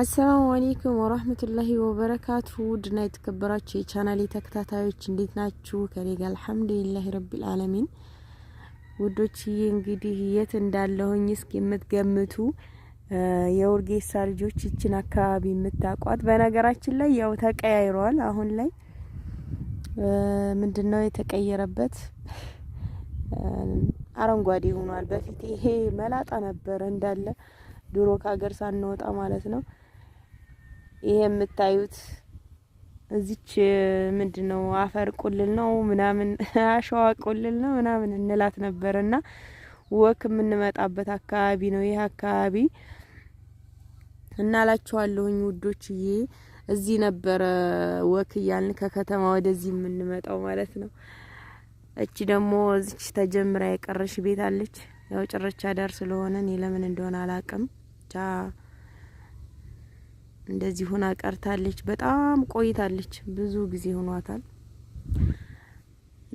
አሰላሙ አሌይኩም ወራህመቱላሂ ወበረካቱ ውድና የተከበራችሁ የቻናሌ ተከታታዮች እንዴት ናችሁ? ከኔ ጋር አልሐምዱሊላሂ ረቢል አለሚን። ውዶችዬ እንግዲህ የት እንዳለሁኝ እስኪ የምትገምቱ የውርጌሳ ልጆች ይችን አካባቢ የምታቋት፣ በነገራችን ላይ ያው ተቀያይሯል። አሁን ላይ ምንድን ነው የተቀየረበት? አረንጓዴ ሆኗል። በፊት ይሄ መላጣ ነበረ እንዳለ ድሮ ከሀገር ሳንወጣ ማለት ነው ይሄ የምታዩት እዚች ምንድን ነው አፈር ቁልል ነው ምናምን አሸዋ ቁልል ነው ምናምን እንላት ነበር እና ወክ የምንመጣበት አካባቢ ነው ይህ አካባቢ እናላችኋለሁኝ ላችኋለሁኝ ውዶችዬ እዚህ ነበረ ወክ እያልን ከከተማ ወደዚህ የምንመጣው ማለት ነው። እቺ ደግሞ እዚች ተጀምራ የቀረሽ ቤት አለች። ያው ጭረቻ ዳር ስለሆነ እኔ ለምን እንደሆነ አላቅም ቻ እንደዚህ ሆና ቀርታለች። በጣም ቆይታለች፣ ብዙ ጊዜ ሆኗታል።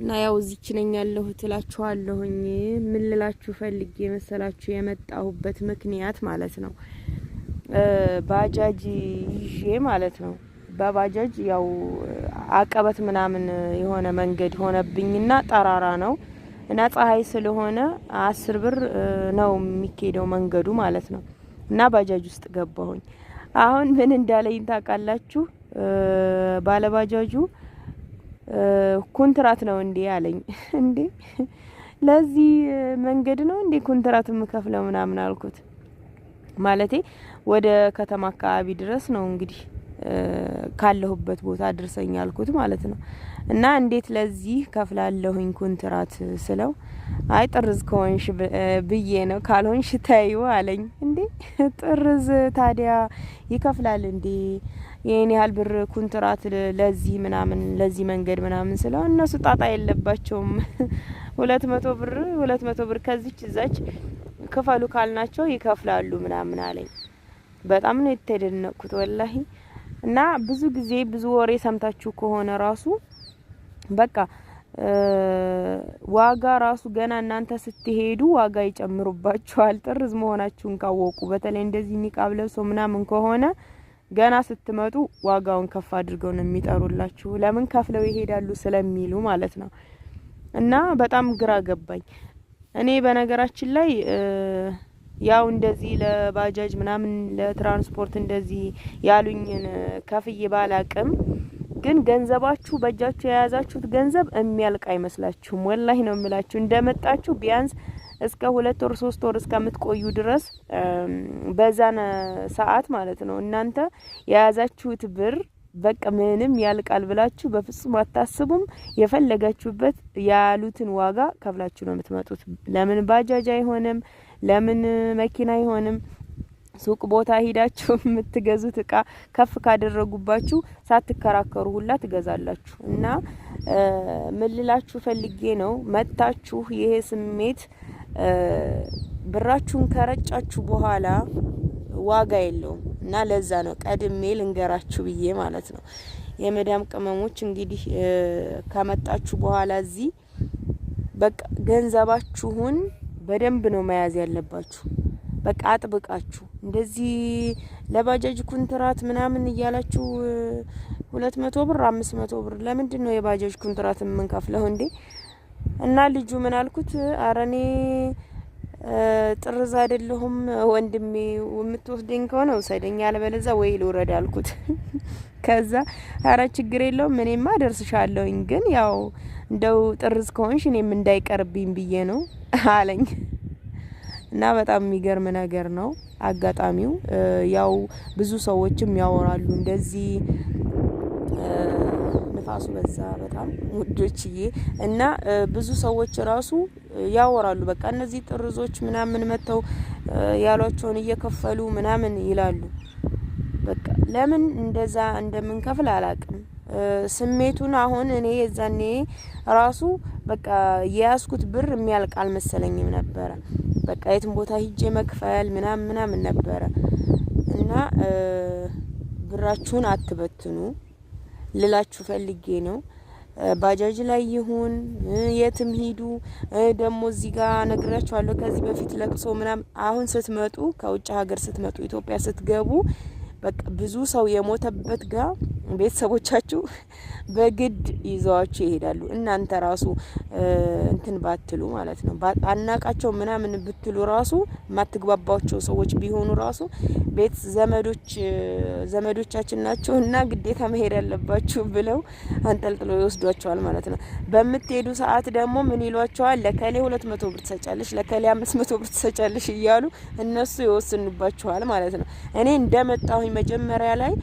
እና ያው እዚች ነኝ ያለሁ ትላችኋለሁኝ። ምን ልላችሁ ፈልጌ የመሰላችሁ የመጣሁበት ምክንያት ማለት ነው ባጃጅ ይዤ ማለት ነው። በባጃጅ ያው አቀበት ምናምን የሆነ መንገድ ሆነብኝና ጠራራ ነው እና ፀሐይ ስለሆነ አስር ብር ነው የሚኬደው መንገዱ ማለት ነው እና ባጃጅ ውስጥ ገባሁኝ። አሁን ምን እንዳለኝ ታውቃላችሁ? ባለባጃጁ ኩንትራት ነው እንዴ አለኝ። እንዴ ለዚህ መንገድ ነው እንዴ ኩንትራት የምከፍለው ምናምን አልኩት። ማለቴ ወደ ከተማ አካባቢ ድረስ ነው እንግዲህ ካለሁበት ቦታ አድርሰኝ ያልኩት ማለት ነው። እና እንዴት ለዚህ ከፍላለሁኝ ኮንትራት ስለው አይ ጥርዝ ከሆንሽ ብዬ ነው፣ ካልሆንሽ ታዩ አለኝ። እንዴ ጥርዝ ታዲያ ይከፍላል እንዴ? ይህን ያህል ብር ኮንትራት ለዚህ ምናምን ለዚህ መንገድ ምናምን ስለው እነሱ ጣጣ የለባቸውም። ሁለት መቶ ብር ሁለት መቶ ብር ከዚች እዛች ክፈሉ ካልናቸው ይከፍላሉ ምናምን አለኝ። በጣም ነው የተደነቅኩት ወላሂ እና ብዙ ጊዜ ብዙ ወሬ ሰምታችሁ ከሆነ ራሱ በቃ ዋጋ ራሱ ገና እናንተ ስትሄዱ ዋጋ ይጨምሩባችኋል። ጥርዝ መሆናችሁን ካወቁ በተለይ እንደዚህ ኒቃብ ለብሶ ምናምን ከሆነ ገና ስትመጡ ዋጋውን ከፍ አድርገው ነው የሚጠሩላችሁ። ለምን ከፍለው ይሄዳሉ ስለሚሉ ማለት ነው። እና በጣም ግራ ገባኝ እኔ በነገራችን ላይ ያው እንደዚህ ለባጃጅ ምናምን ለትራንስፖርት እንደዚህ ያሉኝን ከፍዬ ባላቅም ግን ገንዘባችሁ በእጃችሁ የያዛችሁት ገንዘብ የሚያልቅ አይመስላችሁም። ወላሂ ነው የምላችሁ። እንደመጣችሁ ቢያንስ እስከ ሁለት ወር ሶስት ወር እስከምትቆዩ ድረስ በዛን ሰዓት ማለት ነው እናንተ የያዛችሁት ብር በቃ ምንም ያልቃል ብላችሁ በፍጹም አታስቡም። የፈለጋችሁበት ያሉትን ዋጋ ከፍላችሁ ነው የምትመጡት። ለምን ባጃጅ አይሆንም ለምን መኪና አይሆንም? ሱቅ ቦታ ሂዳችሁ የምትገዙት እቃ ከፍ ካደረጉባችሁ ሳትከራከሩ ሁላ ትገዛላችሁ። እና ምልላችሁ ፈልጌ ነው መታችሁ ይሄ ስሜት ብራችሁን ከረጫችሁ በኋላ ዋጋ የለውም እና ለዛ ነው ቀድሜ ልንገራችሁ ብዬ ማለት ነው። የመዳም ቅመሞች እንግዲህ ከመጣችሁ በኋላ እዚህ በቃ ገንዘባችሁን በደንብ ነው መያዝ ያለባችሁ። በቃ አጥብቃችሁ እንደዚህ ለባጃጅ ኩንትራት ምናምን እያላችሁ ሁለት መቶ ብር አምስት መቶ ብር ለምንድን ነው የባጃጅ ኩንትራት የምንከፍለው እንዴ? እና ልጁ ምን አልኩት፣ አረኔ ጥርዝ አይደለሁም ወንድሜ፣ የምትወስደኝ ከሆነ ውሰደኝ፣ ያለበለዛ ወይ ልውረድ አልኩት። ከዛ አረ ችግር የለውም እኔማ ደርስሻለሁኝ፣ ግን ያው እንደው ጥርዝ ከሆንሽ እኔም እንዳይቀርብኝ ብዬ ነው አለኝ እና በጣም የሚገርም ነገር ነው አጋጣሚው። ያው ብዙ ሰዎችም ያወራሉ እንደዚህ ንፋሱ በዛ በጣም ውዶችዬ እና ብዙ ሰዎች ራሱ ያወራሉ። በቃ እነዚህ ጥርዞች ምናምን መጥተው ያሏቸውን እየከፈሉ ምናምን ይላሉ። በቃ ለምን እንደዛ እንደምንከፍል አላቅ ስሜቱን አሁን እኔ የዛኔ ራሱ በቃ የያዝኩት ብር የሚያልቅ አልመሰለኝም ነበረ። በቃ የትም ቦታ ሂጄ መክፈል ምናምን ምናምን ነበረ እና ብራችሁን አትበትኑ ልላችሁ ፈልጌ ነው። ባጃጅ ላይ ይሁን የትም ሂዱ። ደግሞ እዚህ ጋር ነግራችኋለሁ። ከዚህ በፊት ለቅሶ ምናምን አሁን ስትመጡ ከውጭ ሀገር ስትመጡ ኢትዮጵያ ስትገቡ በቃ ብዙ ሰው የሞተበት ጋር ቤተሰቦቻችሁ በግድ ይዘዋችሁ ይሄዳሉ። እናንተ ራሱ እንትን ባትሉ ማለት ነው አናቃቸው ምናምን ብትሉ ራሱ የማትግባባቸው ሰዎች ቢሆኑ ራሱ ቤት ዘመዶች ዘመዶቻችን ናቸው እና ግዴታ መሄድ አለባችሁ ብለው አንጠልጥሎ ይወስዷቸዋል ማለት ነው። በምትሄዱ ሰዓት ደግሞ ምን ይሏቸዋል? ለከሌ ሁለት መቶ ብር ትሰጫለሽ፣ ለከሌ አምስት መቶ ብር ትሰጫለሽ እያሉ እነሱ ይወስኑባቸዋል ማለት ነው። እኔ እንደመጣሁኝ መጀመሪያ ላይ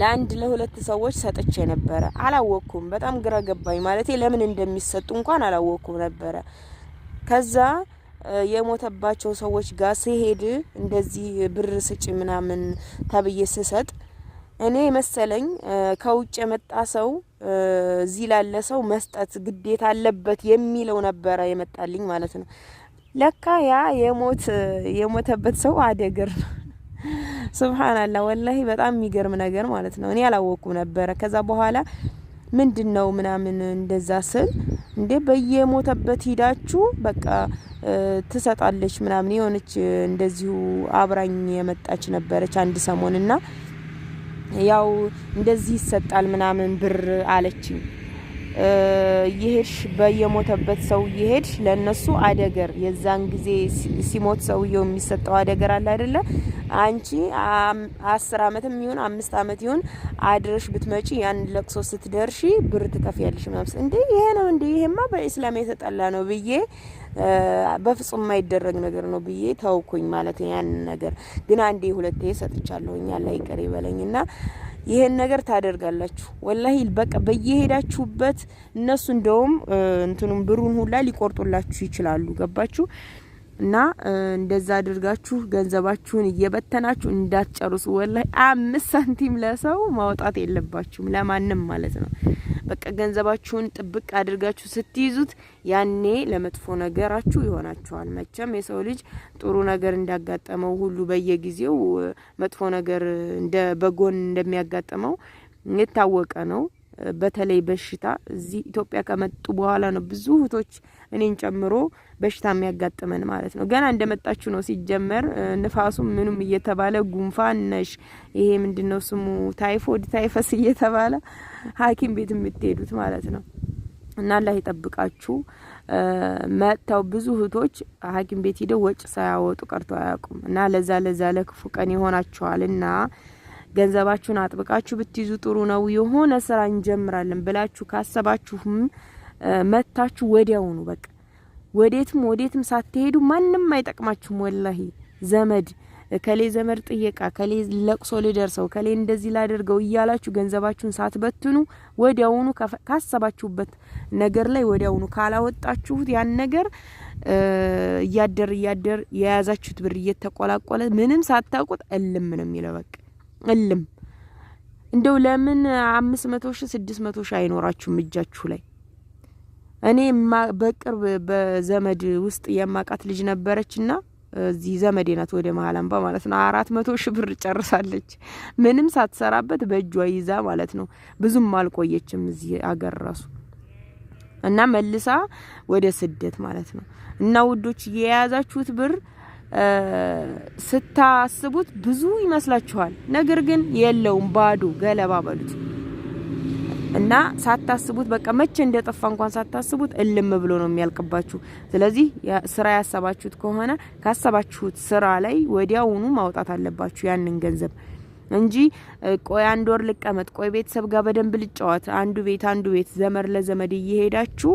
ለአንድ ለሁለት ሰዎች ሰጥቼ ነበረ። አላወቅኩም። በጣም ግራ ገባኝ። ማለቴ ለምን እንደሚሰጡ እንኳን አላወቅኩም ነበረ። ከዛ የሞተባቸው ሰዎች ጋር ሲሄድ እንደዚህ ብር ስጭ ምናምን ተብዬ ስሰጥ እኔ መሰለኝ ከውጭ የመጣ ሰው እዚህ ላለ ሰው መስጠት ግዴታ አለበት የሚለው ነበረ የመጣልኝ ማለት ነው። ለካ ያ የሞት የሞተበት ሰው አደግር። ነው። ሱብሃንአላህ ወላሂ በጣም የሚገርም ነገር ማለት ነው። እኔ አላወቅኩም ነበረ። ከዛ በኋላ ምንድን ነው ምናምን እንደዛ ስል እንዴ በየሞተበት ሂዳችሁ በቃ ትሰጣለች ምናምን የሆነች እንደዚሁ አብራኝ የመጣች ነበረች አንድ ሰሞን እና ያው እንደዚህ ይሰጣል ምናምን ብር አለችኝ። እየሄድሽ በየሞተበት ሰው እየሄድሽ ለእነሱ አደገር የዛን ጊዜ ሲሞት ሰውየው የሚሰጠው አደገር አለ አይደለ አንቺ አስር አመትም ይሁን አምስት አመት ይሁን አድረሽ ብትመጪ ያን ለቅሶ ስትደርሺ ብር ትከፍያለሽ ምናምን እንዴ ይሄ ነው እንዴ ይሄማ በኢስላም የተጠላ ነው ብዬ በፍጹም የማይደረግ ነገር ነው ብዬ ተውኩኝ ማለት ነው። ያን ነገር ግን አንዴ ሁለቴ ሰጥቻለሁ። እኛ ላይ ቀሪ በለኝና ይሄን ነገር ታደርጋላችሁ። ወላሂ በቃ በየሄዳችሁበት እነሱ እንደውም እንትኑም ብሩን ሁላ ሊቆርጡላችሁ ይችላሉ። ገባችሁ? እና እንደዛ አድርጋችሁ ገንዘባችሁን እየበተናችሁ እንዳትጨርሱ። ወላይ አምስት ሳንቲም ለሰው ማውጣት የለባችሁም ለማንም ማለት ነው። በቃ ገንዘባችሁን ጥብቅ አድርጋችሁ ስትይዙት ያኔ ለመጥፎ ነገራችሁ ይሆናችኋል። መቼም የሰው ልጅ ጥሩ ነገር እንዳጋጠመው ሁሉ በየጊዜው መጥፎ ነገር እንደ በጎን እንደሚያጋጥመው የታወቀ ነው። በተለይ በሽታ እዚህ ኢትዮጵያ ከመጡ በኋላ ነው ብዙ እህቶች እኔን ጨምሮ በሽታ የሚያጋጥመን ማለት ነው። ገና እንደመጣችሁ ነው ሲጀመር ንፋሱ ምኑም እየተባለ ጉንፋን ነሽ ይሄ ምንድነው ስሙ ታይፎድ፣ ታይፈስ እየተባለ ሐኪም ቤት የምትሄዱት ማለት ነው። እና አላህ ይጠብቃችሁ። መጥተው ብዙ እህቶች ሐኪም ቤት ሂደው ወጭ ሳያወጡ ቀርተው አያውቁም። እና ለዛ ለዛ ለክፉ ቀን ይሆናችኋል እና ገንዘባችሁን አጥብቃችሁ ብትይዙ ጥሩ ነው። የሆነ ስራ እንጀምራለን ብላችሁ ካሰባችሁም መታችሁ ወዲያውኑ በቃ ወዴትም ወዴትም ሳትሄዱ ማንም አይጠቅማችሁም። ወላሂ ዘመድ ከሌ ዘመድ ጥየቃ ከሌ ለቅሶ ልደርሰው ከሌ እንደዚህ ላደርገው እያላችሁ ገንዘባችሁን ሳትበትኑ ወዲያውኑ ካሰባችሁበት ነገር ላይ ወዲያውኑ ካላወጣችሁት ያን ነገር እያደር እያደር የያዛችሁት ብር እየተቆላቆለ ምንም ሳታውቁት እልም ነው የሚለው በቃ እልም እንደው ለምን አምስት መቶ ሺ ስድስት መቶ ሺ አይኖራችሁም እጃችሁ ላይ? እኔ በቅርብ በዘመድ ውስጥ የማቃት ልጅ ነበረች እና እዚህ ዘመዴ ናት፣ ወደ መሀል አምባ ማለት ነው። አራት መቶ ሺ ብር ጨርሳለች ምንም ሳትሰራበት በእጇ ይዛ ማለት ነው። ብዙም አልቆየችም እዚህ አገር ራሱ እና መልሳ ወደ ስደት ማለት ነው። እና ውዶች የያዛችሁት ብር ስታስቡት ብዙ ይመስላችኋል። ነገር ግን የለውም፣ ባዶ ገለባ በሉት እና ሳታስቡት በቃ መቼ እንደጠፋ እንኳን ሳታስቡት እልም ብሎ ነው የሚያልቅባችሁ። ስለዚህ ስራ ያሰባችሁት ከሆነ ካሰባችሁት ስራ ላይ ወዲያውኑ ማውጣት አለባችሁ ያንን ገንዘብ እንጂ ቆይ አንድ ወር ልቀመጥ፣ ቆይ ቤተሰብ ጋር በደንብ ልጫወት፣ አንዱ ቤት አንዱ ቤት ዘመድ ለዘመድ እየሄዳችሁ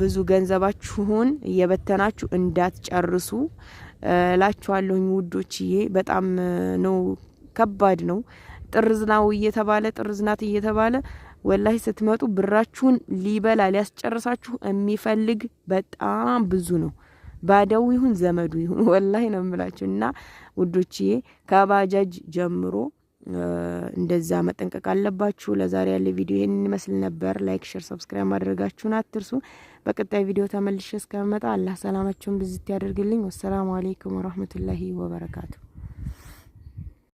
ብዙ ገንዘባችሁን እየበተናችሁ እንዳትጨርሱ እላችኋለሁኝ ውዶችዬ። በጣም ነው ከባድ ነው። ጥርዝናው እየተባለ ጥርዝናት እየተባለ ወላሂ ስትመጡ ብራችሁን ሊበላ ሊያስጨርሳችሁ የሚፈልግ በጣም ብዙ ነው። ባዳው ይሁን ዘመዱ ይሁን ወላሂ ነው የምላችሁ። እና ውዶችዬ ከባጃጅ ጀምሮ እንደዛ መጠንቀቅ አለባችሁ። ለዛሬ ያለ ቪዲዮ ይህን ይመስል ነበር። ላይክ፣ ሼር፣ ሰብስክራይብ ማድረጋችሁን አትርሱ። በቀጣይ ቪዲዮ ተመልሼ እስከመጣ አላህ ሰላማችሁን ብዝት ያደርግልኝ። ወሰላሙ አሌይኩም ወረህመቱላሂ ወበረካቱ።